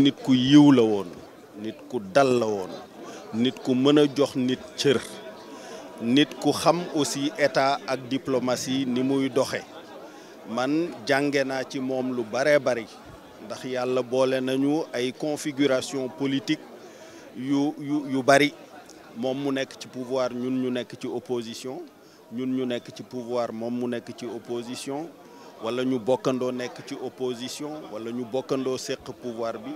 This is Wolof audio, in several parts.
nit ku yiw la woon nit ku dal la woon nit ku mën a jox nit cër nit ku xam aussi état ak diplomatie ni muy doxe man jànge naa ci moom lu bare bari ndax yàlla boole nañu ay configuration politique yu yu yu bari moom mu nekk ci pouvoir ñun ñu nekk ci opposition ñun ñu nekk ci pouvoir moom mu nekk ci opposition wala ñu bokkando nek ci opposition wala ñu bokkando seq pouvoir bi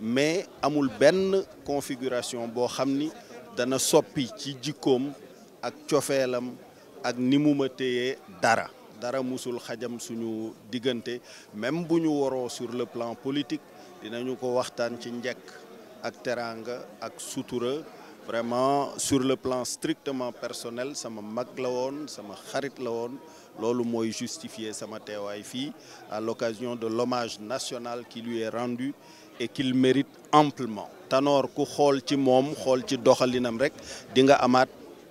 mais amul ben configuration bo xamni dana soppi ci jikkoom ak cofeelam ak nimuma dara dara musul xajam suñu diggante même bu ñu sur le plan politique dinañu ko waxtaan ci njëkk ak teraanga ak sutura vraiment sur le plan strictement personnel sama m'a la ça sama xarit la woon justifié ça justifier sama à l'occasion de l'hommage national qui lui est rendu et qu'il mérite amplement Tanor ku xol ci mom xol ci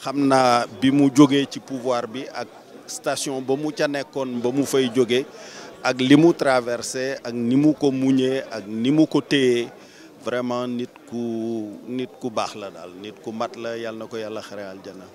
xamna bi mu joggé ci pouvoir bi ak station ba mu ca nekkoon ba mu fay joggé ak li traverser ak ni ko muñé ak ni ko téyee vraiment nit ku nit ku bax la dal nit ku mat la yàlla na ko yàlla xare aljana